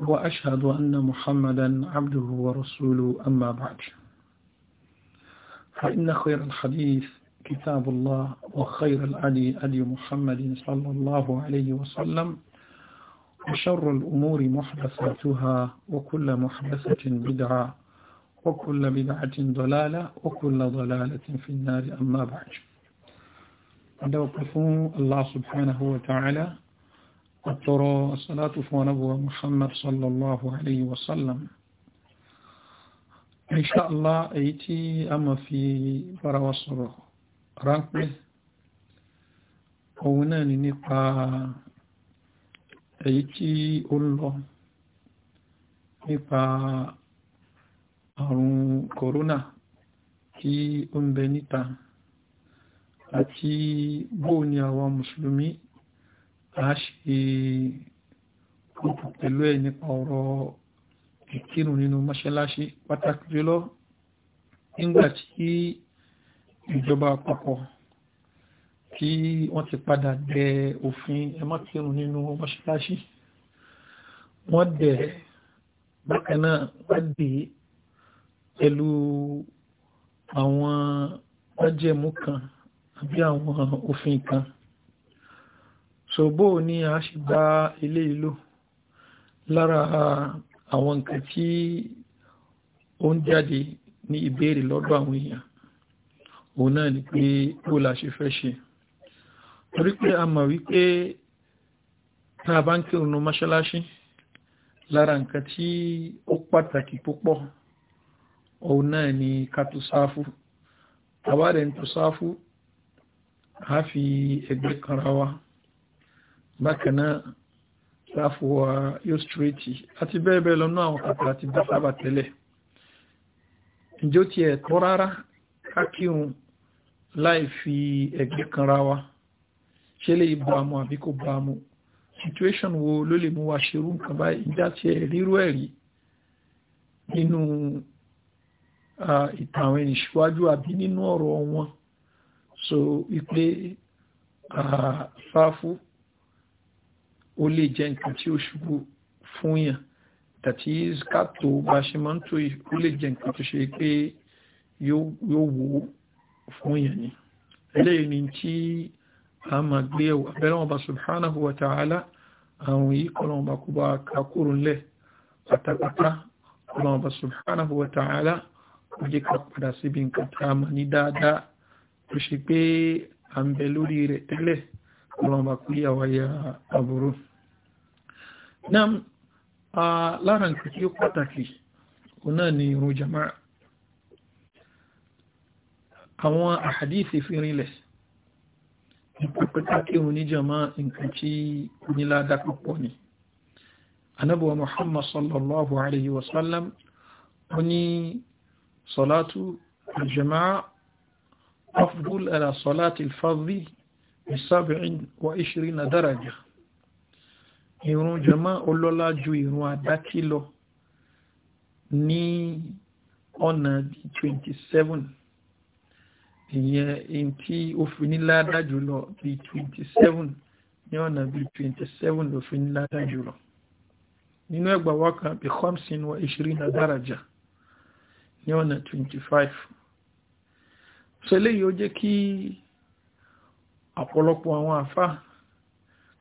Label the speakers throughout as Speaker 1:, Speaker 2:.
Speaker 1: وأشهد أن محمدا عبده ورسوله أما بعد فإن خير الحديث كتاب الله وخير الأدي أدي محمد صلى الله عليه وسلم وشر الأمور محدثاتها وكل محدثة بدعة وكل بدعة ضلالة وكل ضلالة في النار أما بعد عندما الله سبحانه وتعالى الترى الصلاة فنبوة محمد صلى الله عليه وسلم إن شاء الله أيتي أما في فروصر رانكبه هنا نقع أيتي الله nípa àrùn kòrónà tí ó ń bẹ níta àti bóò a ṣe kókò pẹ̀lú ẹ̀ nípa ọ̀rọ̀ ìkírun nínú mọ́ṣáláṣí pàtàkì jùlọ nígbà tí ìjọba àpapọ̀ tí wọ́n ti padà dẹ òfin ẹ má kírun nínú mọ́ṣáláṣí wọ́n dẹ̀ bákan náà wọ́n dé pẹ̀lú àwọn májẹ̀mú kan àbí àwọn òfin kan so bó ní a ṣe bá ilé ìlú lára àwọn nǹkan tí ó ń jáde ní ìbéèrè lọ́dọ̀ àwọn èèyàn òun náà ni pé bó la ṣe fẹ́ ṣe torí pé a mọ̀ wípé tá bá ń kírun mọ́ṣáláṣí lára nǹkan tí ó pàtàkì púpọ̀ òun náà ni ká tó sáfù tàbá rẹ̀ ń tó sáfù a fi ẹgbẹ́ kanra wa bákan náà sáfù wa yóò straighti àti bẹ́ẹ̀ bẹ́ẹ̀ lọ́nà àwọn kàkàrà ti bá sábà tẹ́lẹ̀ ǹjẹ́ ó tiẹ̀ tọ́ rárá kákírun láì fi ẹ̀gbẹ́ kan ra wa ṣe lè bámu àbí kò bámu situation wo ló lè mú wa ṣerú nǹkan báyìí ìjà tiẹ̀ rírú ẹ̀rí nínú ìtàn àwọn ìṣíwájú àbí nínú ọ̀rọ̀ wọn so ipe sáfù. Uh, ó lè jẹ́ nǹkan tí ó ṣubú fún yàn that is ká tó bá ṣe máa ń tó yìí ó lè jẹ́ nǹkan tó ṣe pé yóò wó fún yàn ni eléyìí ni tí a máa gbé ẹ̀wọ̀ abẹ́rẹ́ wọn bá subhanahu wa ta'ala àwọn yìí kọ́ lọ́wọ́ bá kú bá kakúrò ńlẹ̀ pátápátá ọlọ́wọ́ bá subhanahu wa ta'ala ó jẹ́ ká padà síbi nǹkan tá a máa ní dáadáa tó ṣe pé à ń bẹ lórí rẹ̀ tẹ́lẹ̀ ọlọ́wọ́ bá kú yà wáyà àbúrò náà lára nǹkan tí ó pàtàkì òun náà ni irun jama'a àwọn àhàdíìsì fi rinlẹ̀ ìpàpẹ́ta kí òun ní jama'a nǹkan tí níládá púpọ̀ ni anábọ̀wà muhammad sallallahu alayhi wa sallam ó ní salatu al afdul ala salati al 27 درجه ìrun jama ọlọ́lá ju ìrun àdákí lọ ní ọ̀nà 27 ìyẹn in tí ó fi ní ládá jùlọ bí 27 ní ọ̀nà bí 27 ló fi ní ládá jùlọ nínú ẹgbà wákan bí khamsin wa ishirina daraja ní ọ̀nà 25 ṣẹlẹ̀ yóò jẹ́ kí ọ̀pọ̀lọpọ̀ àwọn àfáà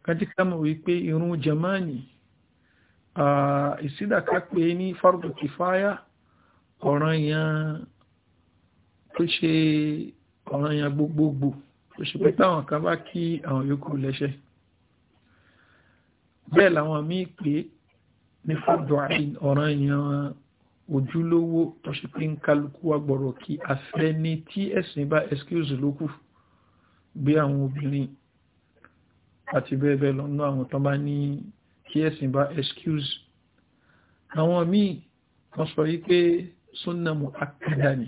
Speaker 1: kájí kámọ̀ wípé irun jamani ìsídàká pé ní fardu kìfáyà ọ̀ràn yẹn tó ṣe ọ̀ràn yẹn gbogbogbò tó ṣe pé táwọn kan bá kí àwọn yòókù lẹ́ṣẹ̀ bẹ́ẹ̀ làwọn míì pé ní fardu ain ọ̀ràn yẹn ojúlówó tó ṣe pé ń kálukú wa kí afẹ́ ní tí ẹ̀sìn bá excuse lókù gbé àwọn obìnrin àti bẹ́ẹ̀ bẹ́ẹ̀ lọ nínú àwọn tán bá ní kí ẹ̀sìn bá excuse àwọn míì wọ́n sọ yí pé súnnà mu'akkada ni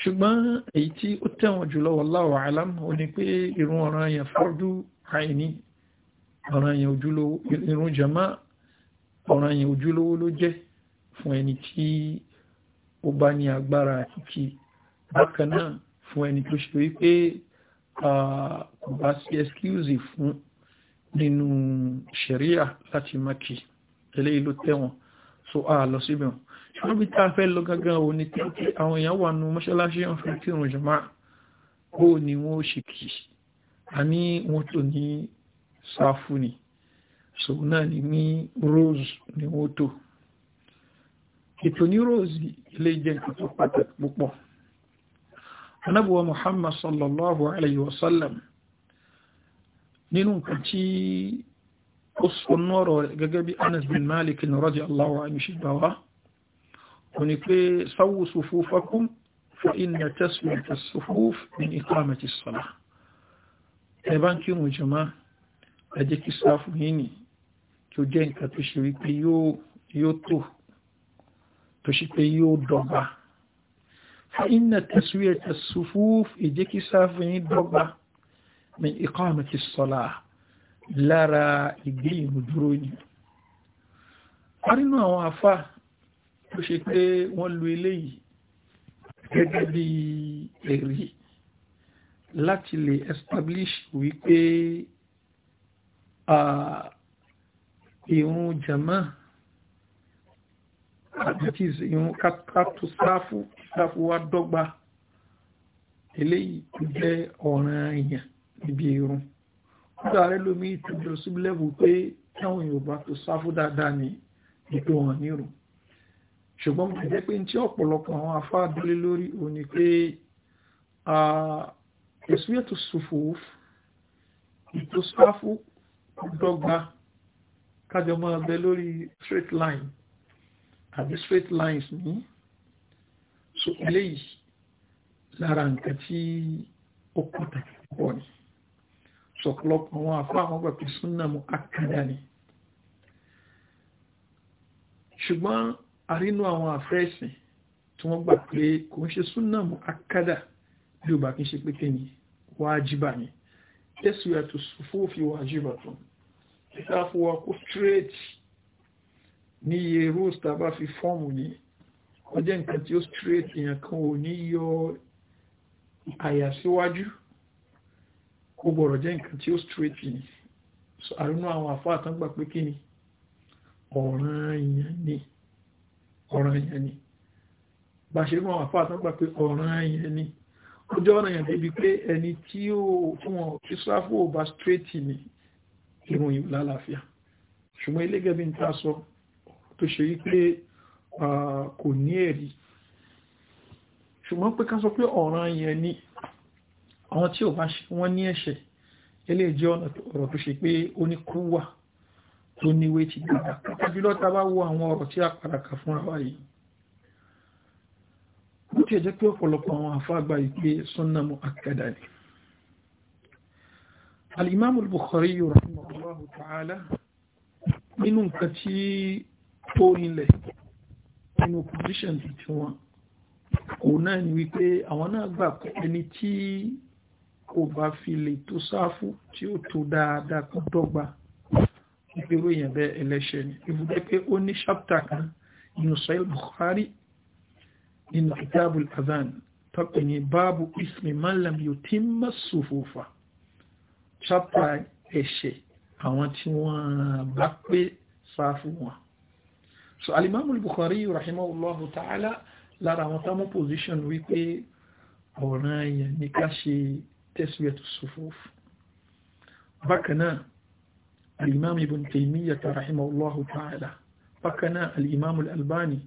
Speaker 1: ṣùgbọ́n èyí tí ó tẹ̀wọ̀n jùlọ wallahu alam ó ní pé irun ọ̀ràn yẹn fardu àìní ọ̀ràn yẹn ojúlówó irun jama ọ̀ràn yẹn ojúlówó ló jẹ́ fún ẹni tí ó bá ní agbára kíkì bákan náà fún ẹni tó ṣe wípé kò bá sí excuse fún nínú sharia láti maki eléyìí ló tẹ́wọ̀n so a lọ síbẹ̀ wọn ṣùgbọ́n bí tá a fẹ́ lọ gangan ò ní tí àwọn èèyàn wà nù mọ́ṣáláṣí wọn fún kírun jọmọ́ bó ni wọ́n ṣe kì a ní wọ́n tó ní sáfù ni so náà ni ní rose ni wọ́n tó ètò ní rose ilé jẹ́ nǹkan tó pàtàkì púpọ̀ anábùwà muhammad sallallahu alayhi wa sallam nínú nǹkan tí ó sọ nọ́rọ̀ gẹ́gẹ́ bí anas bin malik radiyallahu anhu ṣe gbà wá kò ní pé sawu sufufakum fa inna taswiyat as-sufuf min iqamati as-salah ẹ̀bán kí wọ́n jọmá ẹjẹ́ kí sáfù yìí ni kí ó jẹ́ nǹkan tó ṣe wípé yóò tó tó ṣe pé yóò dọ́gba فإن تسوية الصفوف إجيكي سافين دوغبا من إقامة الصلاة لارا إجي مدروني أرنو أوافا بشكل ولو إليه gẹ́gẹ́ bí ẹ̀rí láti lè establish wípé ìrun àti ìrun kátó sáfù sáfù wa dọ́gba eléyìí jẹ́ ọ̀ràn èèyàn níbi irun kódà rẹ lómi ìtújọ síbi lẹ́bù pé táwọn Yorùbá tó sáfù dáadáa ní ìpè wọn nírun ṣùgbọ́n mo jẹ́ pé ní tí ọ̀pọ̀lọpọ̀ àwọn afáà dúlé lórí òun ni pé ìsúyẹ̀tò sùfòófù ìtò sáfù dọ́gba kájọ máa bẹ lórí straight line àbí straight lines ní so eléyìí lára nǹkan tí ó pàtàkì púpọ̀ ni sọ̀pọ̀lọpọ̀ àwọn àfọ́ àwọn gbà pé súnà mú àkàdá ni ṣùgbọ́n àrínú àwọn àfẹ́ẹ̀sìn tí wọ́n gbà pé kò ń ṣe súnà mú àkàdá bí ó bá kí ń ṣe pé kí ni wájibà ni tẹ́sùwẹ̀ tó fòfin wájibà tó ìtàfọwọ́ kó straight Ni iye rules tá fi fọ́ọ̀mù yìí wọ́n nǹkan tí ó straight èèyàn kan ò ní yọ àyà síwájú ó gbọ́dọ̀ jẹ́ nǹkan tí ó straight ni àrùnú àwọn àfáà kan pé kí ni ọ̀ràn èèyàn ni ọ̀ràn èèyàn ni bá ṣe rú àwọn àfáà kan gbà pé ọ̀ràn èèyàn ni ọjọ́ ọ̀ràn èèyàn débi pé ẹni tí ó fún wọn kí sáfò bá straight ni ìròyìn lálàáfíà ṣùgbọ́n ilé gẹ́bí ń ta sọ tó ṣe wípé kò ní ẹ̀rí ṣùgbọ́n pé ká sọ pé ọ̀ràn yẹn ni àwọn tí ò bá wọ́n ní ẹ̀ṣẹ̀ eléyìí ọ̀rọ̀ tó ṣe pé ó ní kú wà tó níwé ti gbàgbà tàbí lọ́ta bá wo àwọn ọ̀rọ̀ tí a padà fúnra wa yìí bó ti jẹ́ pé ọ̀pọ̀lọpọ̀ àwọn àfáàgbà ìpé sunna mu'akkada ni al bukhari rahimahullahu nínú nǹkan tí tó rinlẹ̀ nínú position tí wọ́n òun náà ni wípé àwọn náà gbà pé ẹni tí kò bá fi lè tó sáfù tí ó tó dáadáa kó dọ́gba ìgbéró èèyàn bẹ́ẹ̀ ẹlẹ́ṣẹ̀ ni ibùdó pé ó ní ṣáptà kan nínú Sahih Bukhari nínú kitabul adhan tọ́pẹ̀ ní báàbù ismi man lam yutimma sufufa ṣáptà ẹ̀ṣẹ̀ àwọn tí wọ́n bá pé sáfù wọn so alimamu al-Bukhari rahimahullahu ta'ala lára àwọn tamu position wípé ọ̀ràn èèyàn ní ká ṣe tẹ́síwẹ̀tù sufuf bákanáà alimamu ibn Taymiyyah rahimahullahu ta'ala bákanáà alimamu al-Albani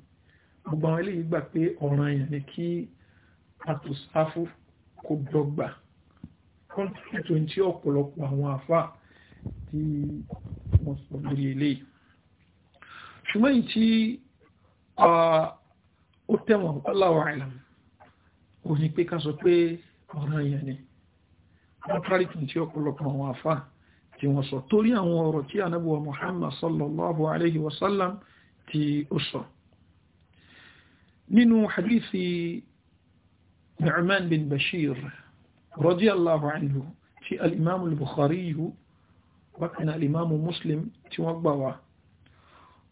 Speaker 1: gbogbo àwọn eléyìí gbà pé ọ̀ràn èèyàn ní kí àtòsáfù kò dọ́gba kọ́ntínítò tí ọ̀pọ̀lọpọ̀ àwọn àfà tí wọ́n sọ lórí eléyìí ṣùgbọ́n yìí tí ó tẹ̀wọ̀n aláwọ̀ àìlàm ò ní pé ká sọ pé ọ̀ràn yẹn ni látàrí tún tí ọ̀pọ̀lọpọ̀ àwọn àfá tí wọ́n sọ torí àwọn ọ̀rọ̀ tí anábùwà Muhammad sallallahu alaihi wasallam tí ó sọ nínú hadithi Nu'man bin Bashir radiyallahu anhu tí al bukhari bákan al-imam Muslim tí wọ́n gbà wá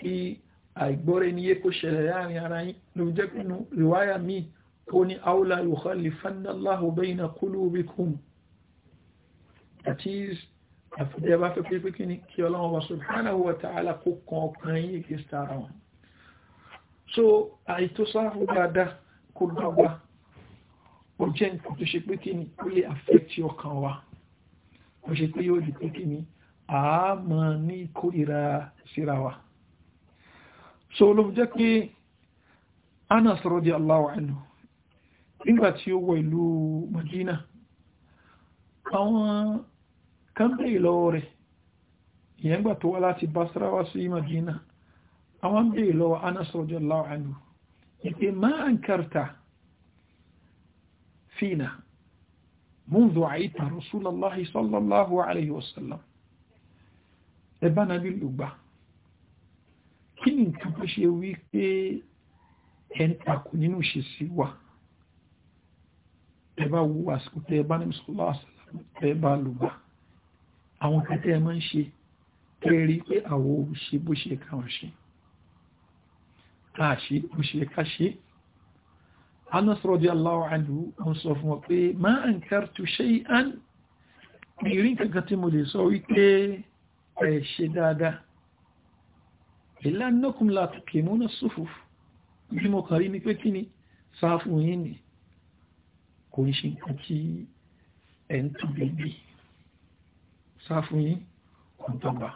Speaker 1: kí àìgbọ́ra ẹniyé kó ṣẹlẹ̀ láàrin ara yín ló jẹ́ pinnu rìwáyà míì ó ní aula yukhalifannallahu bayna qulubikum àti àfẹ́dẹ́ bá fẹ́ pé kí ni kí ọlọ́run wa subhanahu wa ta'ala kí sára so àìtó sáfù ọkàn wa ó wa so ló jẹ́ pé Anas radiyallahu anhu nígbà tí ó wọ ìlú Madina àwọn kan bèèrè lọ́wọ́ rẹ̀ ìyẹn gbà tó wá láti Basra wá sí Madina àwọn bèèrè lọ́wọ́ Anas radiyallahu anhu ìpè ma ankarta fina منذ عيت رسول الله صلى الله عليه وسلم ابن nàbí lùgbà kí ni nǹkan tó ṣe wí pé ẹ ń takò nínú ìṣesí wa ẹ bá wo àsìkò tẹ ẹ bá ní sọlá àsìkò tẹ bá lò gbà àwọn kan ẹ máa ń ṣe tẹ rí pé àwọn ò ṣe bó ṣe káwọn ṣe bó ṣe káṣe Anas radiyallahu anhu ń sọ fún wọn pé ma ankartu shay'an ìrìn kankan tí mo lè sọ wípé ẹ ṣe dáadáa ilá nọ́kùn láti kèmú náà sófò bí mo kàrí ní pé kí ni sáfún yìí ni kò ń ṣe nǹkan tí ẹ̀ ń tún bèbè sáfún yìí kò ń tọ́gbà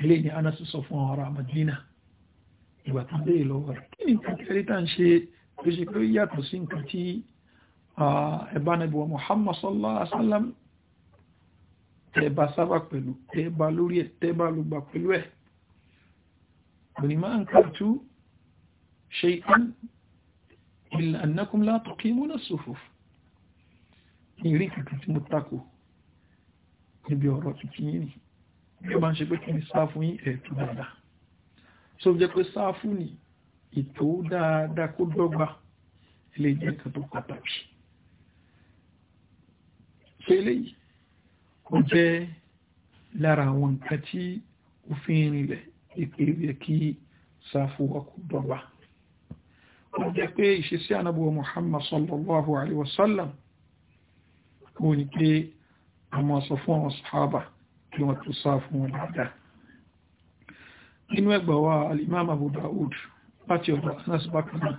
Speaker 1: ilé ni anásù sọ fún ọ̀rọ̀ àmàdínà ìgbà tó dé ìlọ́wọ́ rẹ̀ kí ni nǹkan kẹrí tá ń ṣe tó ṣe pé yàtọ̀ sí nǹkan tí ẹ̀bá wa Muhammad sallallahu alaihi wasallam tẹ́ẹ̀bá sábà pẹ̀lú tẹ́ẹ̀bá lórí ẹ̀ tẹ́ẹ̀bá lùgbà pẹ̀lú ẹ̀ ولما أنكرت شيئا إلا أنكم لا تقيمون الصفوف ìrìn kìkì tí mo takò níbi ọ̀rọ̀ tuntun yìí ni bí o bá ń ṣe pé kí ni sáfù yí ẹ̀ẹ̀tù dáadáa so jẹ́ pé sáfù ni ìtò dáadáa kó dọ́gba ilé jẹ́ nǹkan tó pàtàkì so eléyìí ó jẹ́ lára àwọn nǹkan tí òfin rinlẹ̀ ìpè yẹ kí sáfù wa kú dọ́gba ó jẹ́ pé ìṣesí anábọ̀ muhammad sallallahu alaihi wasallam ó ní pé àwọn sọ fún àwọn sahaba kí wọ́n tó sáfù wọn dáadáa nínú ẹgbà wa al-imam abu da'ud láti ọ̀dọ̀ anas bakana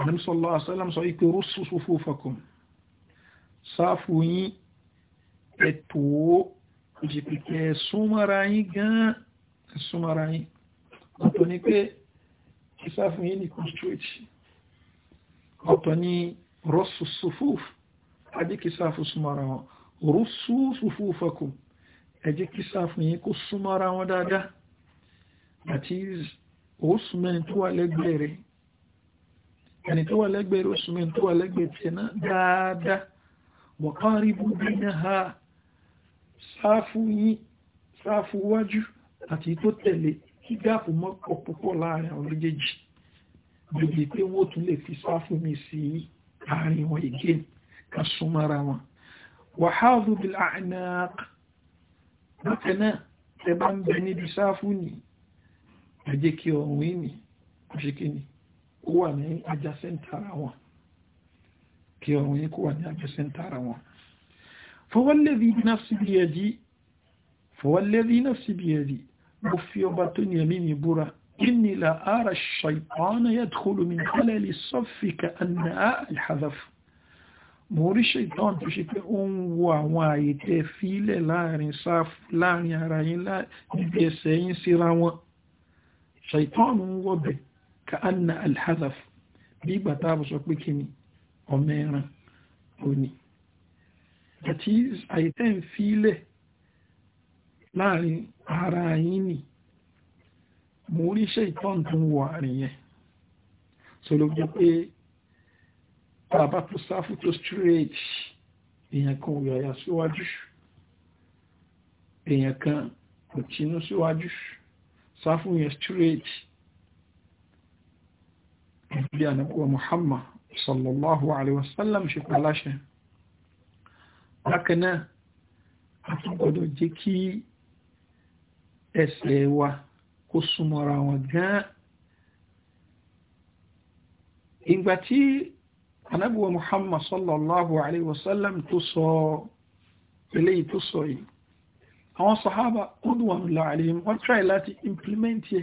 Speaker 1: anam sallallahu alaihi wasallam sọ ipe russu sufufakum sáfù yín ẹ̀tọ́ ìjìpìkẹ́ súnmọ́ra yín gan súnmọ́ra yín ọ̀tọ̀ ni pé ìsá fún yín ní constraight ọ̀tọ̀ ni rọ́sù sufuf àbí kí sá fún súnmọ́ra wọn rọ́sù sufufakum ẹ jẹ́ kí sá fún yín kó súnmọ́ra wọn dáadáa àti oṣù tó wà lẹ́gbẹ̀ẹ́ rẹ̀ ẹni tó wà lẹ́gbẹ̀ẹ́ rẹ̀ oṣù tó wà lẹ́gbẹ̀ẹ́ tiẹ̀ náà dáadáa wọ̀kán àti tó tẹ̀lé kí gáàpù mọ́ pọ̀ púpọ̀ láàrin àwọn méjèèjì gbogbo pé wọ́n tún lè fi sáfù mi sí àárín wọn ìgé kan súnmọ́ra wọn wàhálù bil a'naq bákan náà tẹ bá ń bẹ níbi sáfù ní ẹjẹ́ kí ọ̀run ìní kòṣìkíní ó wà ní ajásẹ́ntara wọn kí ọ̀run yìí kó wà ní ajásẹ́ntara wọn fọwọ́lẹ́bí náà síbi ẹ̀dí في بطن يمين برا إني لا أرى الشيطان يدخل من خلال الصف كأن آه، الحذف موري الشيطان تشكي أم وعواء تفيل لا رنصف لا يرين لا يبسين سيروا شيطان وب كأن الحذف بيبتاب سوكيني أميرا أوني That is, I then feel it. láàrin ara yín nì mo rí ṣe wọ àárín yẹn so ló jẹ́ pé bàbá tó sáfù tó straight èèyàn kan ò yàyà síwájú èèyàn kan kò tínú síwájú sáfù yẹn straight bí ànàkùwà Muhammad sallallahu alaihi wasallam ṣe kọ́ láṣẹ bákan náà a tún gbọdọ̀ jẹ́ kí ẹsẹ̀ wa kó súnmọ́ra wọn gan-an ìgbà tí anábíwá muhammad sallallahu alayhi wa sallam tó sọ eléyìí tó sọ yìí àwọn sahaba ọdúnwàmìlà alayhim try láti implement yẹ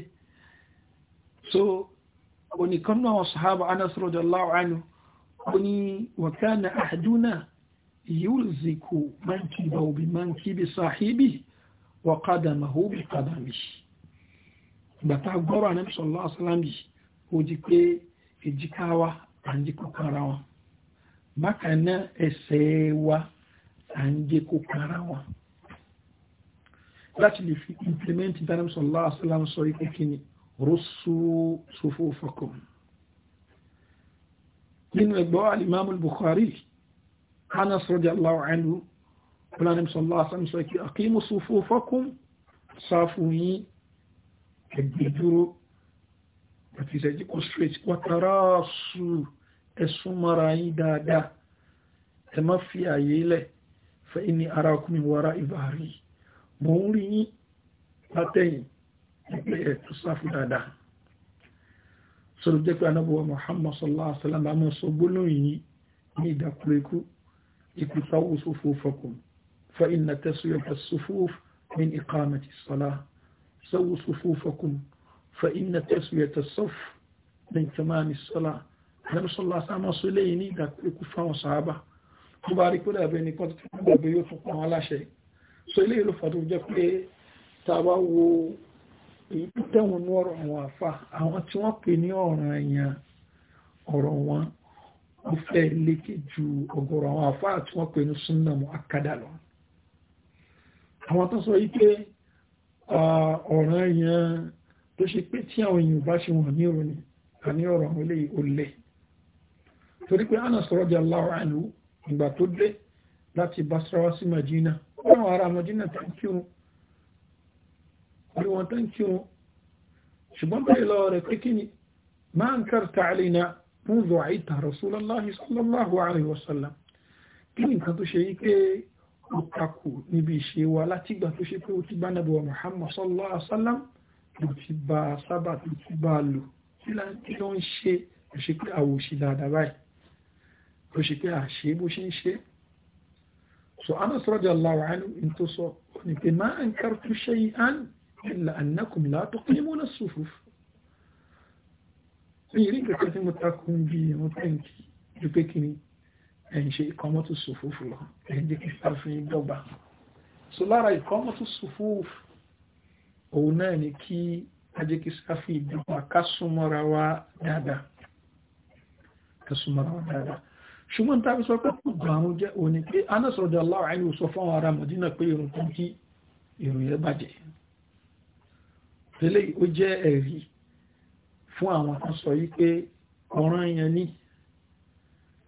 Speaker 1: so oníkan náà sahaba anas radiyallahu anhu oní wa kana ahaduna yulziku mankibahu bi mankibi wọ́kádàmàhó bí kàdàmì gbàtà gbọ́rọ̀ ànábì sallallahu alaihi wasallam ó jí pé èjìká wa à ń jí kókó ara wọn bákan náà ẹsẹ̀ wa à ń jí kókó ara wọn láti lè fi implement ìdánábì sallallahu sọ ipé kíni rọ́sù sufufakum nínú ẹgbọ́ al Ọlọ́run sallallahu alaihi wasallam sọ pé aqimu sufufakum sáfù yín ẹgbẹ́ e dúró àti ìṣẹ́jú kò straight wàtàrà sù ẹ̀sùn mara yín dáadáa ẹ má fi àyè lẹ̀ fa inni arakum min wara'i dhahri mò ń rí yín látẹ̀yìn ẹgbẹ́ e, ẹ̀tọ́ sáfù dáadáa sọ́rọ̀ jẹ́ pé anábọ̀wọ̀ فإن تسويق الصفوف من إقامة الصلاة سووا صفوفكم فإن تسوية الصف من تمام الصلاة النبي صلى الله عليه وسلم صليني ذاك الكفار والصحابة مبارك ولا بيني كنت تحب بيوتكم على شيء صلي له فضل جفلي تابعوا ìtẹ́wọn ní ọ̀rọ̀ àwọn àfá àwọn tí wọ́n pè ní ọ̀ràn èèyàn ọ̀rọ̀ wọn ó fẹ́ lékè ju ọ̀gọ̀rọ̀ àwọn àfá tí wọ́n pè ní súnnà akádà lọ́wọ́ àwọn tó sọ yí pé ọ̀ràn èèyàn tó ṣe pé tí àwọn èèyàn bá ṣe wọ̀n ní ìròyìn àní ọ̀rọ̀ àwọn eléyìí ó lẹ̀ torí pé Anas radiyallahu anhu ìgbà tó dé láti Basra sí Madina ọ̀rọ̀ ara Madina tó ṣùgbọ́n bẹ́ẹ̀ lọ rẹ̀ ó takò níbi ìṣe wa látìgbà tó ṣe pé ó ti bá nàbí wa Muhammad sallallahu alaihi wasallam ló ti bá a sábà tó ti bá a lò kí ló ń ṣe ó ṣe pé àwò òṣì dáadáa báyìí ó ṣe pé àṣe bó ṣe ń ṣe so Anas radiyallahu anhu in tó sọ ó ní pé ma ankartu shay'an illa annakum la tuqimuna as-sufuf ní ìrí kẹ̀kẹ́ tí mo takò bí ẹ̀wọ̀n tẹ́ǹkì ju pé kìnnìkan ẹ̀ ṣe ìkọ́mọ́tò sùfúfù lọ so lára ìkọ́mọ́tò sùfúfù òun náà ni kí ajẹ́ kí sáfù wa dáadáa ṣùgbọ́n tàbí sọ pé fún ara Madina pé irun tó ń kí irun bàjẹ́ tẹ́lẹ̀ fún àwọn kan sọ yí pé ọ̀ràn yẹn ní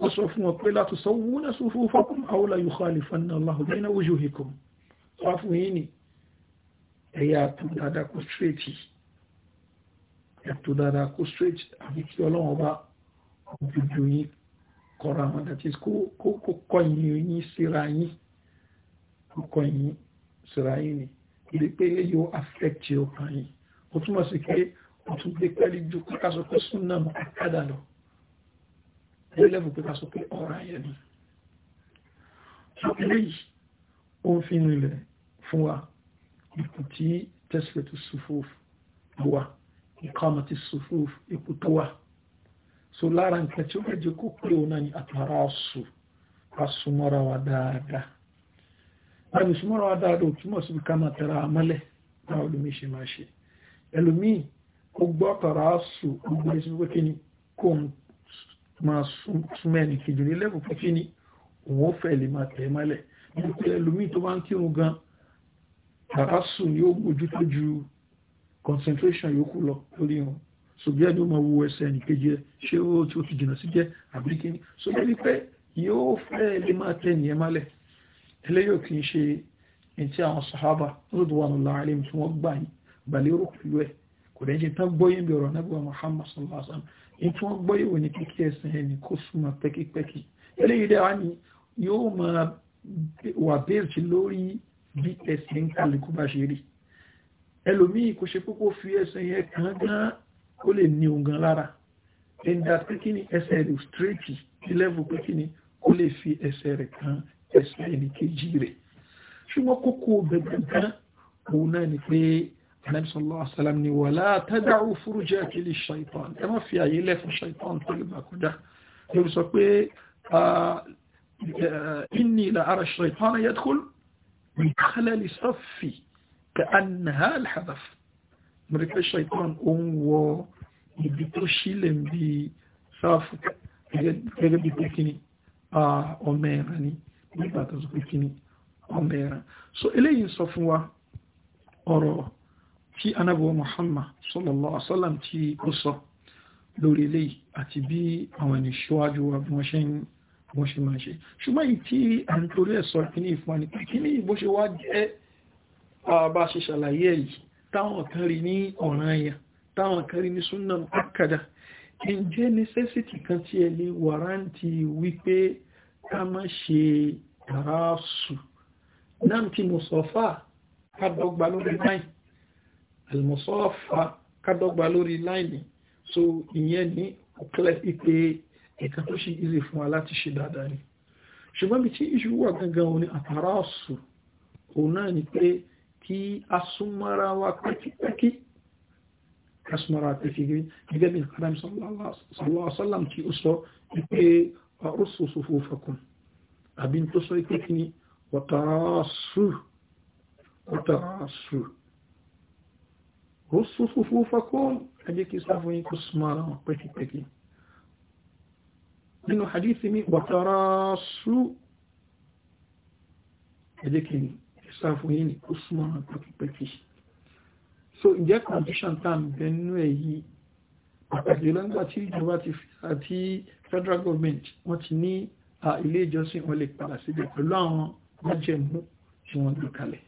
Speaker 1: ó sọ fún wọn pé látò sọ́wọ́ náà sọ fún fọ́kùn àwọ́lá yóò kọ́lì fanná aláhùn bẹ́ẹ̀ náà ojú ìkọ́ wá fún yín ni ẹ̀yà tó dáadáa kó straight ẹ̀yà tó dáadáa kó straight àbí kí ọlọ́wọ́n bá ojújú yín kọ́ra wọn that kó kọ́yìn yín síra yín kó kọ́yìn síra yín ni ilé pé yóò affect ọkàn yín ó túmọ̀ sí pé ó tún gbé pẹ́lú ju kọ́kásọ́kọ́ súnà mọ́ àkádà lọ lẹ́lẹ́bù pé ká sọ pé ọ̀rọ̀ ayẹ ni eléyìí ó ń fi nílẹ̀ fún wa ipò tí tẹ́sílẹ̀ tó sùfúfù wà ìkọ́mọ̀ ti sùfúfù ipò tó wà so lára nǹkan tí ó mẹ́jẹ kó pé òun náà ni àtàrà ọ̀sù ká wa dáadáa láti súnmọ́ra wa dáadáa ò túmọ̀ sí ká máa tẹ̀ra amálẹ̀ náà olómi ṣe máa ṣe ẹlòmíì ó gbọ́ tàrà ọ̀sù ó sí pé kí ni kò ń ma súnmọ́ ẹnì kejì ní lẹ́bùn pé kí ni òun ó fẹ́ lè máa tẹ̀ mọ́lẹ̀ nípa ẹlòmíì tó bá ń kírun gan bàbá sùn yóò mójútó ju concentration yòókù lọ lórí wọn ṣùgbọ́n ẹni ó máa wo ẹsẹ̀ ẹnì kejì ẹ ṣé ó ti ó ti jìnnà sí jẹ́ àbí kí ni ṣùgbọ́n ẹni pé yóò fẹ́ lè máa tẹ̀ nìyẹn mọ́lẹ̀ eléyìí ò kì í ṣe ẹni tí àwọn sàhábà lọ́dọ̀ wà nù láàrin tí wọ́n gbà yìí gbàlérò pẹ̀lú ẹ̀ kò lè ṣe tán gbóyìn bí ọ̀rọ̀ nábì Muhammad sallallahu alaihi wasallam in tí wọ́n gbóyìn wò ní kíkí ẹ̀sìn ẹni kó súnmọ́ pẹ́kípẹ́kí eléyìí dẹ́ wá ní yóò máa wà bẹ́ẹ̀sì lórí bí ẹ̀sìn kálukú bá ṣe rí ẹlòmíì kò ṣe púpọ̀ fi ẹ̀sìn yẹn kan gan ó lè ní òun gan lára ẹ̀dà pé kí ni ẹsẹ̀ rẹ̀ stréèkì ní lẹ́vù pé ni ó lè fi ẹsẹ̀ rẹ̀ kan ẹsẹ̀ ẹnì kejì rẹ̀ ṣùgbọ́n kókó bẹ̀gbẹ̀ gan òun náà ni pé النبي صلى الله عليه وسلم ولا تدعوا فرجك للشيطان كما في اي لف الشيطان fún ṣaitan tó lè اني لا ارى الشيطان يدخل من خلال صفي كأنها الحذف مريك الشيطان أمو يبتو شيلم بي صف gẹ́gẹ́ bí pé kí ni ọmọ ẹran سو الي kí ni ọmọ ẹran so pe tí anábọ̀ Muhammad sallallahu alaihi wasallam tí ó sọ lórí ilé àti bí àwọn ẹni ṣíwájú wa bí wọ́n ṣe ń bó ṣe máa ṣe ṣùgbọ́n yìí tí a ń torí ẹ̀sọ́ kíní ìfún ni kíní bó ṣe wá jẹ́ bá ṣe ṣàlàyé yìí táwọn kan rí ní ọ̀ràn ẹ̀yà táwọn kan rí ní almusafa kádọ́gba lórí láìní so ìyẹn ní ìpè ẹ̀kan tó ṣe easy fún wa láti ṣe ni ṣùgbọ́n bí tí iṣu wà gangan òní àtàrà ọ̀sù òun náà ni pé kí a wa pẹ́kípẹ́kí kásùmọ́ra pẹ́kípẹ́kí gẹ́gẹ́ bí nǹkan sallallahu alaihi wasallam tí ó sọ pé ọ̀rọ̀sù sufufakum àbí tó sọ pé kí ni wàtàrà ọ̀sù ọ̀sù Oṣù fúfú fakọ́ ẹjẹ́ kí sáfù yín kó súnmọ́ ara wọn pẹ́kipẹ́kí. Nínú hadith mi, wàtàrà sú ẹjẹ́ kí sáfù yín súnmọ́ pẹ́kipẹ́kí. So, ìjẹ́ condition tam bẹnu èyí pàtàkì lọ́ngbà tí ìjọba àti federal government wọ́n ti ní ilé ìjọsìn wọn lè padà síbẹ̀ pẹ̀lú àwọn májẹ̀mú tí wọ́n gbé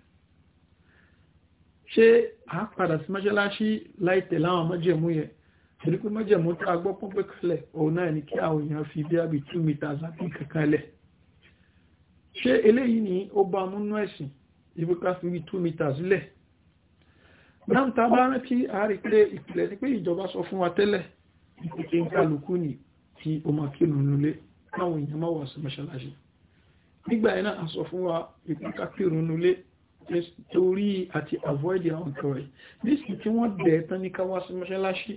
Speaker 1: ṣé a padà sí mọ́ṣáláṣí láìtẹ̀ láwọn mọ́jẹ̀mú yẹn torí pé mọ́jẹ̀mú tá a gbọ́ pọ́npẹ́ kalẹ̀ òun náà ni kí àwọn èèyàn fi bí àbí two meters àbí kankan lẹ̀ ṣé eléyìí ni ó bá múnú ẹ̀sìn ibi ká fi bí two meters lẹ̀ náà ta bá rántí àárí pé ìpìlẹ̀ ni pé ìjọba sọ fún wa tẹ́lẹ̀ nígbà yẹn náà fún wa ìpìlẹ̀ ká kí torí àti avoid àwọn nǹkan rẹ̀ nísìnyí tí wọ́n dẹ̀ tán ní ká wá sí mọ́ṣáláṣí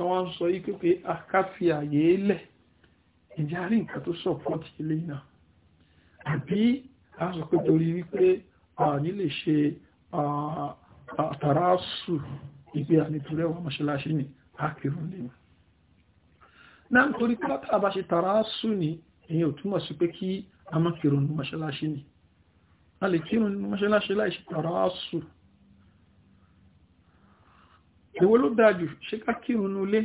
Speaker 1: àwọn sọ yí pé ká fi àyè lẹ̀ ìjà rí nǹkan tó sọ̀pọ̀tì ilé náà àbí a sọ pé torí wípé àní lè ṣe àtàràsù ìgbé ànitúrẹ́wà mọ́ṣáláṣí ni akìrún lè mọ́ náà torí pátá bá ṣe tàràsù ni èyí ò túmọ̀ sí pé kí a má kìrún mọ́ṣáláṣí ni a lè kírun nínú mọ́ṣáláṣí láìṣe tààràásù èwo ló dájú ṣe ká kírun nulé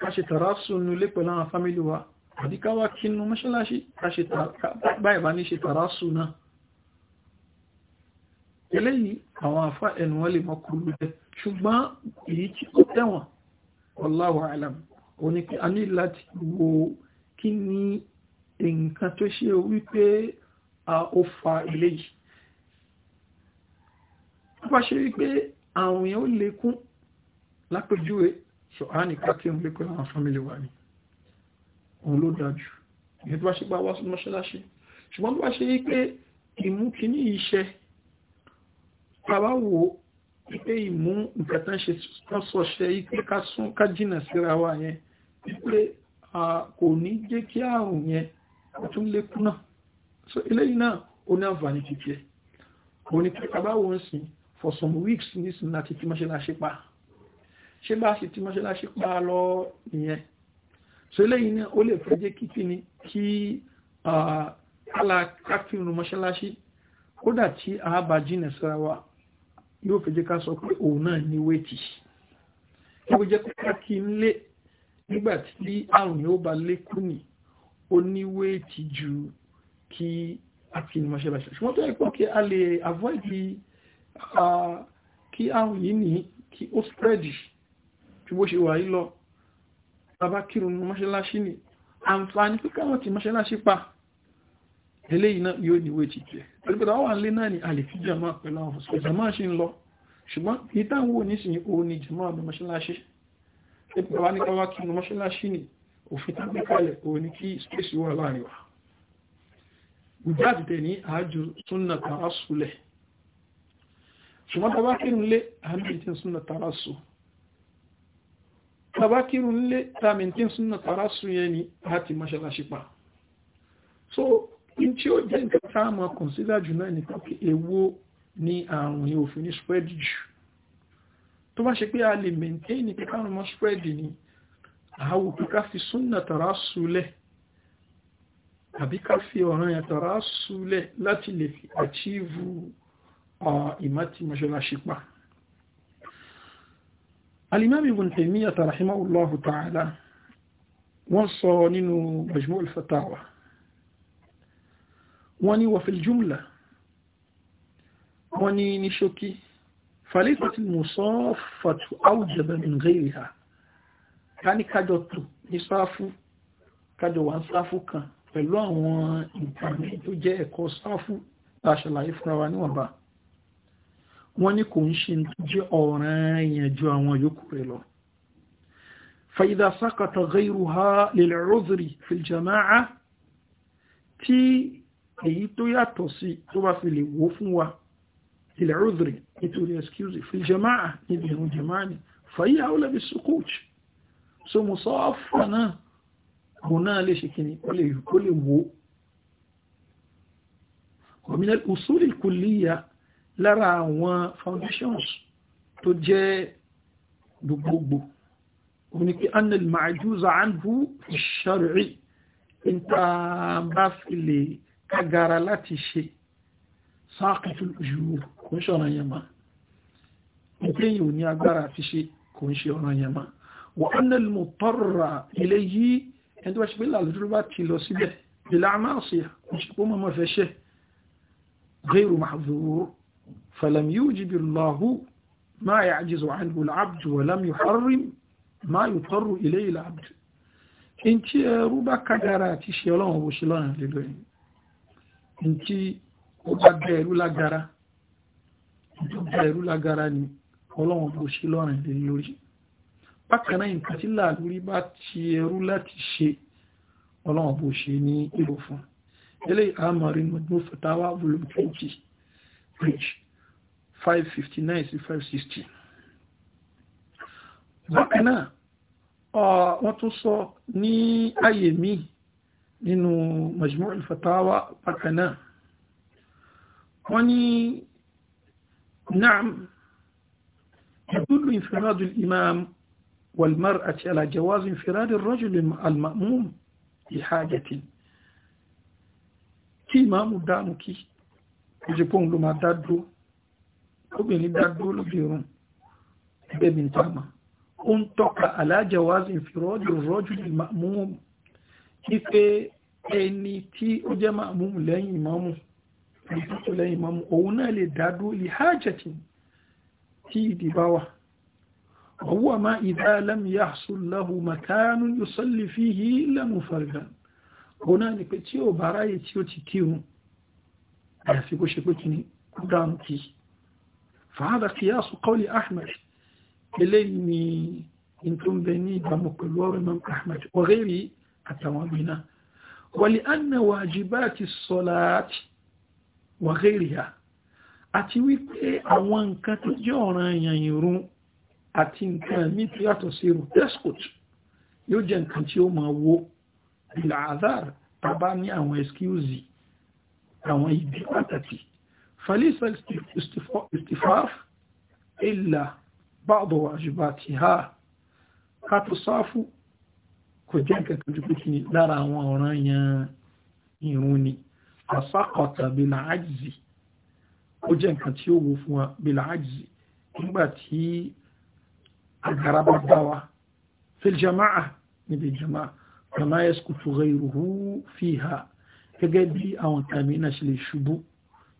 Speaker 1: ká ṣe tààràásù nulé pẹ̀lú àwọn fámílì wa àbí ká wá kí nínú mọ́ṣáláṣí báyìí bá ní ṣe tààràásù náà eléyìí àwọn afá ẹnu wọn lè mọ́ kúrú jẹ ó fa eléyìí bá ṣe rí pé àwọn èèyàn ó lékún lápèjúwe ṣọ̀hánì kákírun lé pẹ̀lú àwọn fámílì wa ni òun ló dájú ìyẹn tó bá ṣe pá wá sínú mọ́ṣáláṣí ṣùgbọ́n tó bá ṣe rí pé ìmú kìíní iṣẹ́ pàbá wo pé ìmú nǹkan tán ṣe tán sọ̀ṣẹ́ ipé ká sún ká jìnà síra wa yẹn wípé kò ní jẹ́ kí àrùn yẹn tún lékún náà so eléyìí náà ó ní àǹfààní títí ẹ̀ òun ni pé for some weeks nísìn láti tí mọ́ṣáláṣí pa ṣé bá sì tí mọ́ṣáláṣí pa lọ nìyẹn so eléyìí náà ó lè fẹ́ jẹ́ kíkí ni kí alákàfihàn mọ́ṣáláṣí kódà tí a bá jìnà sára wa yóò fẹ́ jẹ́ ká sọ pé òun náà ní wéètì ó jẹ́ pípa kí n lé nígbàtí àrùn yóò bá lékún ní ju kí àti ìmọ̀ ṣe bàṣẹ ṣùgbọ́n tó ẹ̀pọ̀ kí a lè avoid kí àrùn yìí ní kí ó spread ju bó ṣe wà yí lọ bàbá kírun mọ́ṣáláṣí ni àǹfààní pé káwọn ti mọ́ṣáláṣí pa eléyìí náà yóò níwé títẹ̀ pẹ̀lú pẹ̀lú àwọn alẹ́ náà ni a lè fi jàmá pẹ̀lú àwọn ọ̀sán jàmá ṣe ń lọ ṣùgbọ́n ìtàwọn oníṣìí òun ni jàmá àmì mọ́ṣáláṣí pẹ̀lú àwọn nípa wá kírun mọ́ṣáláṣí ni òfin tábí kalẹ̀ òun ni kí space wà láàrin wa jáde ní àájú súnnàtà asúlẹ̀ ṣùgbọ́n tabakirun lé àmìntín súnnàtà asù tabakirun lé àmìntín súnnàtà asù yẹn ni àti mọ́ṣálásí pa so in tí ó jẹ́ nǹkan tá ma consider jù náà ní pàkí èwo ni àrùn yóò fi ní spread jù tó bá ṣe pé a lè maintain ní kíkàrùn mọ́ spread ni àwòkíká fi súnnàtà asù lẹ̀ àbí ká fi ọ̀ràn yàtọ̀ rá súlẹ̀ láti lè fi àchíìvù ìmọ̀tí mọ́ṣáláṣí pa alimami ibn Taymiyyah rahimahullahu ta'ala wọ́n sọ nínú Majmu' al-Fatawa wọ́n ní wa fil jumla wọ́n ní ní ṣókí falifat al-musaffatu awjaba kan pẹ̀lú àwọn nǹkan tó jẹ́ ẹ̀kọ́ sáfù láṣàlàyé fúnra wa níwọ̀nba wọ́n ní kò ń ṣe tó jẹ́ ọ̀ràn yẹn ju àwọn yòókù rẹ̀ lọ فإذا سقط غيرها للعذر في الجماعة tí èyí tó yàtọ̀ sí tó bá fi lè wó fún wa للعذر nítorí excuse في الجماعة níbi ìrùn jama'a ni فهي أولى بالسقوط so musafana òun náà lè ṣe kíni ó lè wó òmìnira usulil kulliya lára àwọn foundations tó jẹ́ gbogbogbò òní pé annal ma'ajuza anhu ṣar'i níta bá fi lè kágara láti ṣe sáàkìtù jùú kò ń ṣe ọ̀nà yẹmà ìpéyìn ò ní agbára fi ṣe kò ọ̀nà yẹmà wà annal mutarra ilayhi ẹni tó bá ṣe pé làlójú bá ti lọ síbẹ̀ bìlá àmáàsíyà kò ṣe pé mọ́ mọ́ fẹ́ غير محظور فلم يوجب الله ما يعجز عنه العبد ولم يحرم ما يضطر إليه العبد inti ẹrú bá kagara ti ṣe ọlọ́run bó ṣe lọ́rùn lílo ẹ̀yìn inti ó bá dá ẹrú lágara tó ọlọ́run bó ṣe lọ́rùn lórí bákan náà nǹkan tí làlúrí bá ti ẹrú láti ṣe ọlọ́run bó ṣe ní ìlò fún eléyìí àmàrí Majmu Fatawa volume 20 page 559 sí 560 bákan náà wọ́n tún sọ ní àyè mi nínú Majmu Fatawa bákan náà wọ́n ní naam والمرأة على جواز انفراد الرجل المأموم لحاجة kí ìmáàmù dánú kí ìjẹ́pọ̀n ló máa dádúró obìnrin dádúró lóbi irun ẹgbẹ́ mi tààmà ó ń tọ́ka alájẹwàázì ìfìrọ́dì rọ́jù ìmáàmù ní pé ẹni tí ó jẹ́ máàmù lẹ́yìn ìmáàmù òun náà lè dádúró lè hajjẹ̀tì tí ìdìbáwà هو ما إذا لم يحصل له مكان يصلي فيه إلا منفردا هنالك تيو براي تيو تيو يفيكو شكوتني قدام تي فهذا قياس قول أحمد إليني إنتم بني بمكلور من أحمد وغيري التوابين. ولأن واجبات الصلاة وغيرها أتويك أوان كتجورا ينيرون àti nǹkan mí tó yàtọ̀ sí irú deskot yóò jẹ́ nǹkan tí ó máa wó ìlàázàr tàbá ní àwọn ẹ̀skíúzì àwọn ibi pàtàkì falisa istifaf illa ba'du wajibatiha kàtò sáfù kò jẹ́ nǹkan kan jùlọ kí ni lára àwọn ọ̀ràn yan irun ni àsákọ̀tà bìlà ájìzì ó jẹ́ nǹkan tí ó wó fún wa bìlà ájìzì nígbàtí أقرب الدواء في الجماعة نبي الجماعة فما يسكت غيره فيها كجدي أو كامينة للشبو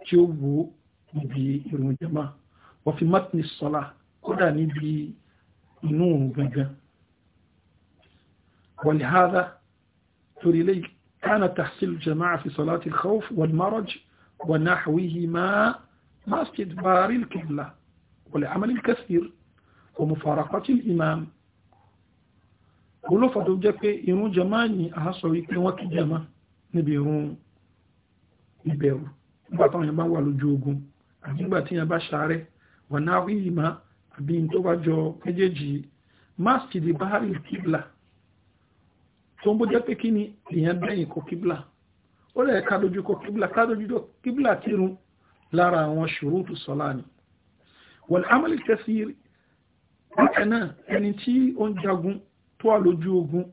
Speaker 1: تيوبو نبي يرون الجماعة وفي متن الصلاة كذا نبي نور بجا ولهذا تري لي كان تحصل الجماعة في صلاة الخوف والمرج ونحوهما ما استدبار الكبلة ولعمل الكثير ومفارقة الإمام olófà tó jẹ́ pé irun jama ní a sọ wípé wọ́n kí jama níbi irun ìbẹ̀rù nígbàtà òyìnbá wà lójú ogun àti nígbàtí yẹn bá ṣàárẹ̀ wà náà rí ìmá àbí tó bá jọ méjèèjì máàsì di báárì kíbla tó ń bó jẹ́ pé kí ni èèyàn bẹ́yìn kó kíbla ó lẹ̀ ká kó kíbla ká kó kíbla kírun lára àwọn ṣòro tó sọlá ni wal amal kaseer bákan náà ẹni tí ó ń jagun tó wà lójú ogun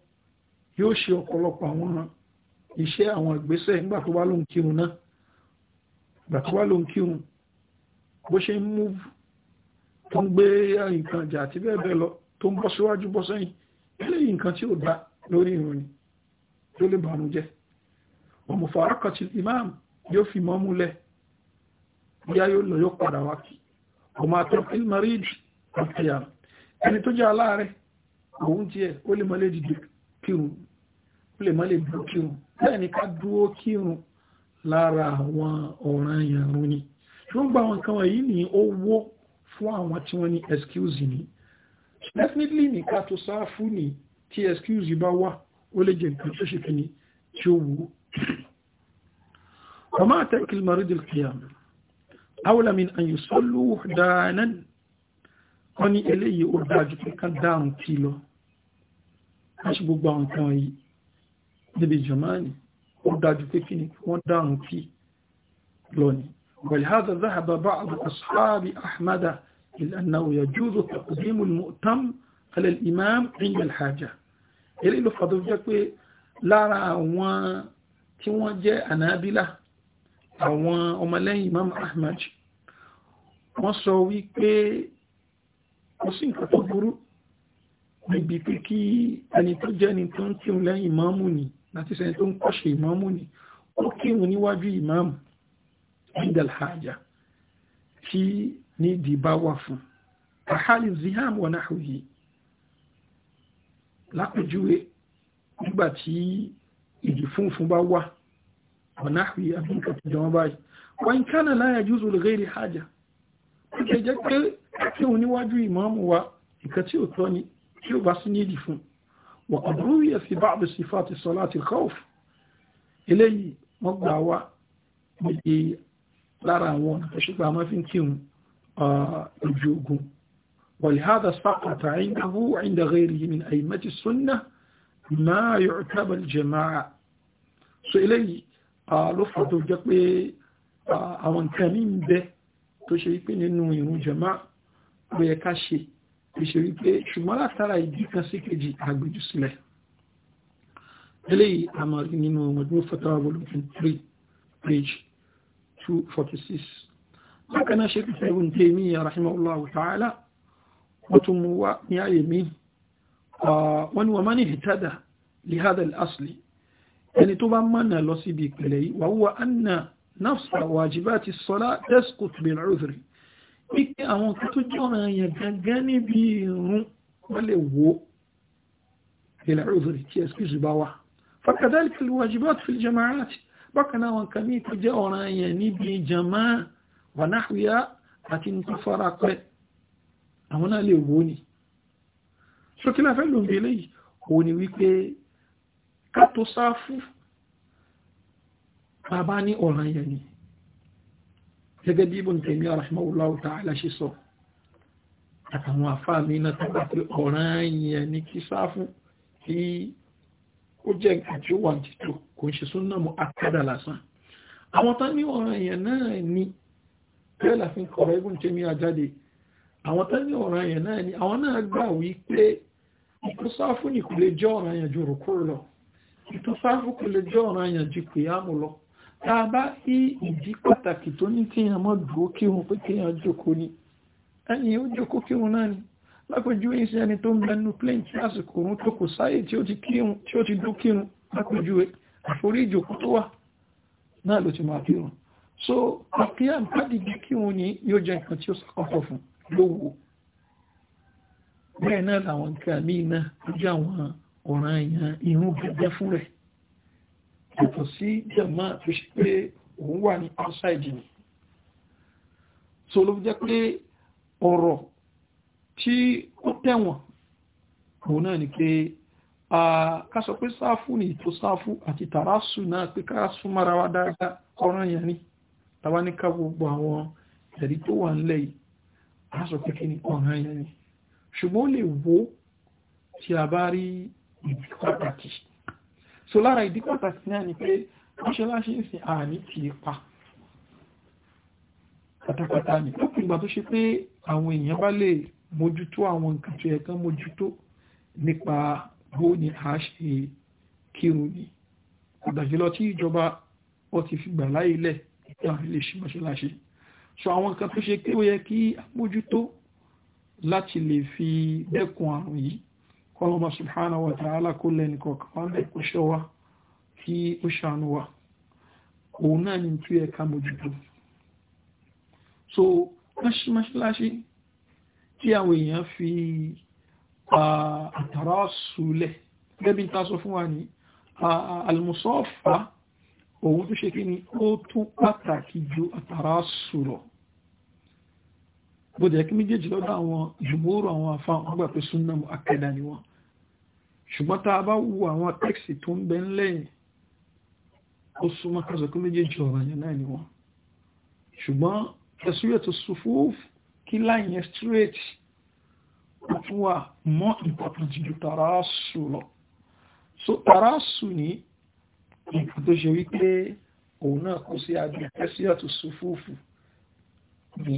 Speaker 1: yóò ṣe ọ̀pọ̀lọpọ̀ àwọn iṣẹ́ àwọn ìgbésẹ̀ nígbà tó wá ló ń kírun náà nígbà tó wá ló kírun bó ṣe ń move tó ń gbé nǹkan jà àti bẹ́ẹ̀ bẹ́ẹ̀ lọ tó ń bọ́ síwájú bọ́ sẹ́yìn eléyìí nǹkan tí ó dá lórí ìrun tó lè bànú jẹ́ ọmọ fàákọ̀tì imam yóò fi mọ́ múlẹ̀ bóyá yóò lọ yóò padà wá kí ọmọ àtọ́ ilmarid àti ẹni tó jẹ́ aláàrẹ̀ òun tí ẹ̀ ó lè mọ́lé dìde kírun ó lè mọ́lé dúró kírun bẹ́ẹ̀ ni ká dúró kírun lára àwọn ọ̀ràn ìyàrún ni ṣùgbọ́n gba àwọn nǹkan wọ̀nyí ni ó wó fún àwọn tí wọ́n ní excuse ni definitely ní ká tó sáà fún ni tí excuse bá wà ó lè jẹ́ nǹkan tó ṣe fi ni tí ó wú ọmọ àtẹ́kìlì maridil kiyam awla wọ́n ní eléyìí ó dájú pé ká dárùn kí lọ wọ́n ṣe gbogbo àwọn nǹkan yìí níbi jọmáàni ó dájú pé ni wọ́n dárùn kí lọ ni ولهذا ذهب بعض أصحاب أحمد إلى أنه يجوز تقديم المؤتم على الإمام عند الحاجة ilé ló fà tó jẹ́ pé lára àwọn tí wọ́n jẹ́ ànábílà àwọn ọmọlẹ́yìn Imam Ahmad wọ́n sọ wípé kò sí nǹkan tó burú níbi pé kí ẹni tó jẹ́ ni tó ń kírun lẹ́yìn ìmáàmù ni láti sẹ́ni tó ń kọ́ṣe ìmáàmù ni ó kírun níwájú ìmáàmù indalhaja tí nídìí bá wà fún àhálì ziham wà náà lápèjúwe nígbà tí ìdí funfun bá wà wà náà àbí nǹkan tó jọ wọn báyìí wọn kánà láyà jùzù lè rẹ́rì hajà ó jẹ́ jẹ́ pé kí òun níwájú ìmáàmù wa nǹkan tí ò tọ́ ni tí ò bá sí nídìí fún wà ọ̀dọ́rú yẹ fi bá àbẹ̀ sífà ti sọ láti kọ́ọ̀f eléyìí wọ́n gbà wá níbi lára àwọn ọ̀nà máa fi ń kírun ojú ogun ولهذا سقط عنده عند غيره من أئمة السنة ما يعتبر الجماعة سئلي لفظ الجقب أو كمين به tó ṣe wípé nínú ìrun jama ló yẹ ká ṣe tó ṣe wípé ṣùgbọ́n látara ìdí kan sí kejì àgbèjù sílẹ̀ eleyi a ma rí nínú ọmọdún fatawa volume 3 page 246 bákan náà ṣekú ibn Taymiyyah rahimahullahu ta'ala wọ́n tún mú wá ní ayé mi wọ́n ni wọ́n máa ní ìtàdà lásìlì ẹni tó ẹni tó bá mọ́nà lọ síbi ìpìlẹ̀ yìí wà wúwa anna nafsa wajibati sọ́lá tẹ́sùkùtù bin uzri wípé àwọn kan tó jẹ́ ọ̀ràn yẹn gangan níbi irun wọ́n lè wò bin uzri tí ẹ̀sìkìsì bá wà fakadhalika alwajibat fil jama'at bákan náà wọn kàmí tó jẹ́ ọ̀ràn yẹn níbi jama'a wa nahwiha àti nǹkan fara pẹ́ àwọn náà lè wò ni ṣókí fẹ́ lòun bí eléyìí wípé ká tó sáfù bàbá ní ọ̀ràn yẹn ni gẹ́gẹ́ bí Ibn Taymiyyah rahimahullahu ta'ala ṣe sọ àtàwọn àfáà mi náà tàbí pé ọ̀ràn yẹn ni kí sá fún kí ó jẹ́ nǹkan tí ó wà títò kò ń ṣe súnnà mú akádà lásán àwọn tán ní ọ̀ràn yẹn náà ni bẹ́ẹ̀ la kọ̀rọ̀ Ibn Taymiyyah jáde àwọn tán ní ọ̀ràn yẹn náà ni àwọn náà gbà wí pé ìtọ́sáfù ni kò lè jẹ́ ọ̀ràn yẹn ju rùkú lọ ìtọ́sáfù kò lè jẹ́ ọ̀ràn yẹn ju kìyàmù tá a bá rí ìdí pàtàkì tó ní tí èèyàn mọ́ dúró kírun pé kéèyàn jókòó ni ẹni ó jókòó kírun náà ni lápẹjú ìṣẹ́ ẹni tó ń bẹnu plane tí òun tó kò sáyè tí ó ti dó kírun lápẹjú àforí ìjókòó tó wà náà ló ti máa fi rùn so àkíyàn pàdìdí kírun ni yóò jẹ nǹkan tí ó sàkọ́kọ́ fún lówó bẹ́ẹ̀ náà làwọn nǹkan míì náà lójú àwọn ọ̀ràn èèyàn irun gẹ́gẹ́ fún rẹ̀ yàtọ̀ sí jẹ̀mọ́ tó ṣe pé òun wà ní outside ni so ló jẹ́ pé ọ̀rọ̀ tí ó tẹ̀wọ̀n òun náà ni pé ká sọ pé sáfù ní ìtò sáfù àti tàrásù náà pé ká súnmọ́ra wá dáadáa ọ̀ràn yẹn ni tàbá ní ká gbogbo àwọn ẹ̀rí tó wà nílẹ̀ yìí ṣùgbọ́n lè wó tí a bá rí ìdí pàtàkì so lára ìdí pàtàkì náà ni pé mọ́ṣáláṣí ń sin àní kì í pa pátápátá ni ó pìgbà tó ṣe pé àwọn èèyàn bá lè mójútó àwọn nǹkan tó yẹ mójútó nípa bó ni a ṣe kírun ni ìdàjúlọ tí ìjọba ó ti fi gbà láyé lẹ̀ nípa ilé ṣe mọ́ṣáláṣí so àwọn nǹkan ọlọ́mọ subhanahu wa ta'ala kó lẹ́nu kọ̀ọ̀kan wá bẹ́ẹ̀ kó ṣọ́ wa kí ó ṣàánú wa òun náà ni tí ẹ ká mójútó so mọ́ṣáláṣí tí àwọn èèyàn fi àtàrà súlẹ̀ gẹ́bí ta sọ fún wa ní almusofa òun tó ṣe kí ni ó tún pàtàkì ju àtàrà súlọ̀ bó jẹ́ kí méjèèjì lọ́dọ̀ àwọn jùmúrù àwọn afá ọgbà pé súnnà akẹ́dà ni wọ́n ṣùgbọ́n tá a bá wo àwọn tẹ́kìsì tó ń bẹ ń lẹ́yìn ó súnmọ́ kásọ̀ kí méjèèjì ọ̀rọ̀ yẹn náà ni wọ́n ṣùgbọ́n ẹ̀sùn yẹn tó sùfúùf kí láyìn straight ó tún wà more important ju tàràásù lọ so tàràásù ní nǹkan tó ṣe wípé òun náà kó sí abẹ́ ẹ̀sùn tó sùfúùf ni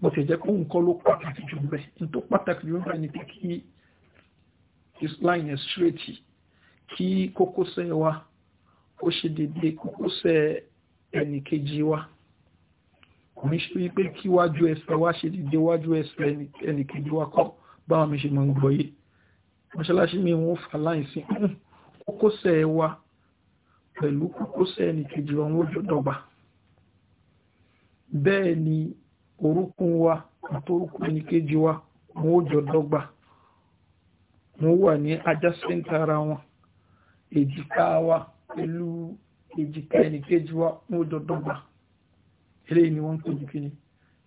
Speaker 1: bó ti jẹ́ pé òun ló pàtàkì jù bẹ́ẹ̀ ní tó pàtàkì jù bẹ́ẹ̀ ni pé kí islam yẹn straight kí kókósẹ̀ wa ó ṣe dédé kókósẹ̀ ẹnì kejì wa kò ní ṣe wípé kí wájú ẹsẹ̀ wa ṣe dédé wájú ẹsẹ̀ ẹnì kejì wa kọ́ báwọn mi ṣe mọ̀ ń gbọ́ yìí mọ́ṣáláṣí mi wọ́n fà láìsí kókósẹ̀ wa pẹ̀lú kókósẹ̀ ẹnì kejì wa wọ́n jọ dọ́gba ni orúkún wa àtorúkún ẹnì kejì wa wọ́n jọ dọ́gba mo wà ní adjacent ara wọn èjìká wa pẹ̀lú èjìká ẹnìkejì wa mo dọ̀dọ̀ gbà eléyìí ni wọ́n ń pèjì kíni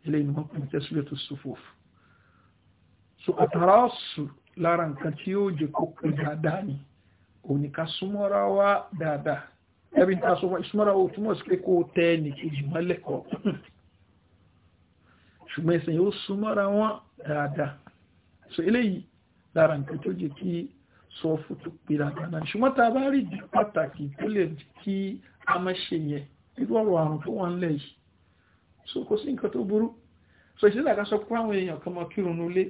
Speaker 1: eléyìí ni wọ́n pèjì tẹ́sílẹ̀ tó sùfòf so àtàrà ọ̀sùn lára nǹkan tí yóò jẹ́ kó dáadáa ni òní ká súnmọ́ra wa dáadáa ẹbí ta sọ ìsúnmọ́ra o túnmọ̀ sí pé kó tẹ ẹnìkejì mọ́lẹ̀ kọ́ ṣùgbọ́n ìsìn yóò súnmọ́ra wọn dáadáa so eléyìí lára nǹkan tó jẹ́ kí sọ́ọ̀fù tó pera gánà ṣùgbọ́n tá a bá rí ìdí pàtàkì tó lè jẹ́ kí a má ṣe yẹn irú ọ̀rọ̀ àrùn tó wà ńlẹ̀ yìí so kò sí nǹkan tó burú so ìṣẹ́lẹ̀ àkásọ pé àwọn èèyàn kan mọ kírun nulé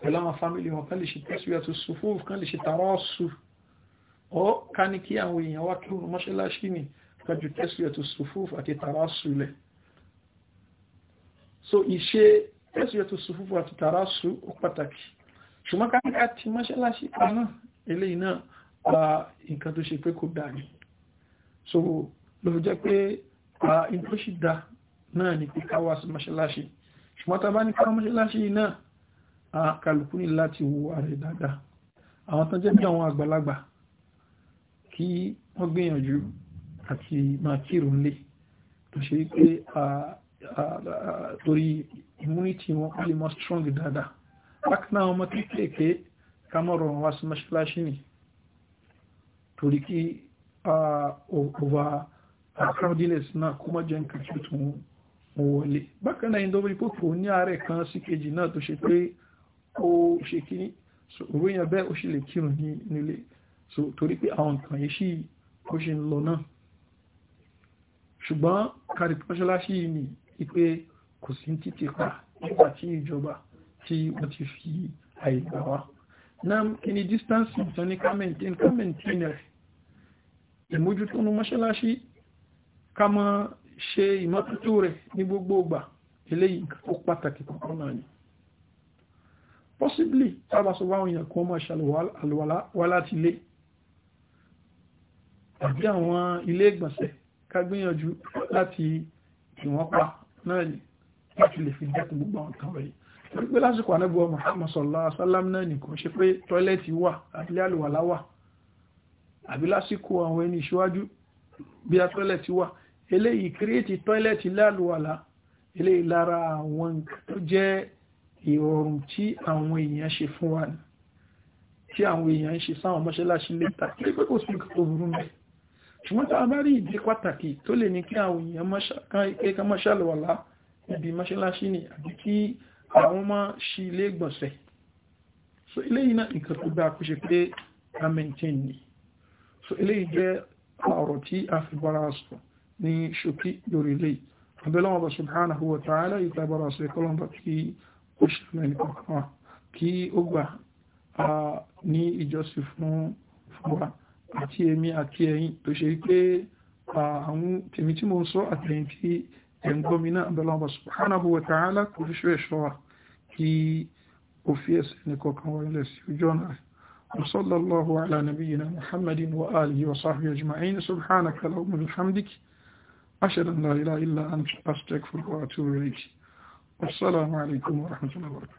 Speaker 1: pẹ̀lú àwọn fámìlì wọn kan lè ṣe tẹ́síwẹ́ tó sùfú kan lè ṣe tààrọ́ ọ̀sù ọ́ ká ní kí àwọn èèyàn wá kírun mọ́ṣáláṣí ni kájú tẹ́síwẹ́ tó sùfú àti tààrọ́ ọ̀sù lẹ̀ so ìṣe tẹ́síwẹ́ tó sùfú àti tààrọ́ ọ̀sù ó pàtàkì ṣùgbọ́n káàkiri àti mọ́ṣáláṣí àná eléyìí náà gba nǹkan tó ṣe pé kò dáa ni so ló jẹ́ pé nǹkan tó ṣì dá náà ni pé ká wá sí mọ́ṣáláṣí ṣùgbọ́n tá bá ní káwọn mọ́ṣáláṣí náà kálukú ní láti wo ààrẹ dáadáa àwọn tán jẹ́ bí àwọn àgbàlagbà kí wọ́n gbìyànjú àti máa kírun lé tó ṣe pé torí immunity wọn kálí mọ́ strong dada bákan àwọn ọmọ kéékèèké ká mọ́ rọrùn wá sí mọ́ṣáláṣí ni torí kí over crowdiness náà kó mọ́ jẹ́ nǹkan tí ó tún wọlé bákan náà ìdọ́bí púpọ̀ ní ààrẹ kan sí kejì náà tó ṣe pé ó ṣe kíní òwe yẹn bẹ́ẹ̀ ó ṣe lè kírun ní nílé so torí pé àwọn nǹkan yìí ṣì ó ṣe ń lọ náà ṣùgbọ́n kárí mọ́ṣáláṣí ni pé kò sí títì pa nígbà ìjọba tí wọ́n ti fi àìgbà wá Nam, kí ni distance ìtàn ní kamentin kamentin rẹ̀ ìmójútó ní mọ́ṣáláṣí ká mọ́ ṣe ìmọ́tótó rẹ̀ ní gbogbo ìgbà eléyìí ó pàtàkì kọ̀ọ̀kan ni possibly tábàsọ báwọn èèyàn kan máa ṣàlùwàlá wá láti ilé àbí àwọn ilé ìgbọ̀nsẹ̀ ká gbìyànjú láti ìwọ̀n pa náà pé lásìkò anábọ̀ Muhammad sallallahu alaihi wasallam náà nìkan ṣe pé tọ́lẹ́tì wà àbílẹ̀ àlùwàlá wà àbí lásìkò àwọn ẹni ìṣíwájú bí a tọ́lẹ́tì wà eléyìí kírètì tọ́lẹ́tì láàlùwàlá eléyìí lára àwọn nǹkan ìrọ̀rùn wa ní tí àwọn èèyàn ń ṣe sáwọn mọ́ṣáláṣí lẹ́ta kí pé kò sí nǹkan tó burú mẹ́ ṣùgbọ́n tá a bá rí ìdí pàtàkì tó lè ní kí àwọn èèyàn kan mọ́ṣáláwàlá ibi mọ́ṣáláṣí ni àbí àwọn ọmọ ṣí ilé gbọ̀nsẹ̀ so ilé yìí náà nǹkan tó dáa kó pé a maintain ni so ilé yìí jẹ́ ọ̀rọ̀ tí a fi bọ́ra sọ ní ṣókí lórí ilé yìí subhanahu wa ta'ala yìí tábọ́ra sọ ìkọlọ́mbà kí ó ṣe mẹ́rin kọ̀ọ̀kan kí ó gbà ní ìjọsìn fún fúnra àti èmi àti ẹ̀yin tó ṣe pé subhanahu wa ta'ala kò fi kí ó fi كوالس ní وصلى الله على نبينا محمد وآله وصحبه أجمعين سبحانك اللهم وبحمدك أشهد أن لا إله إلا أنت أستغفرك وأتوب إليك والسلام عليكم ورحمة الله وبركاته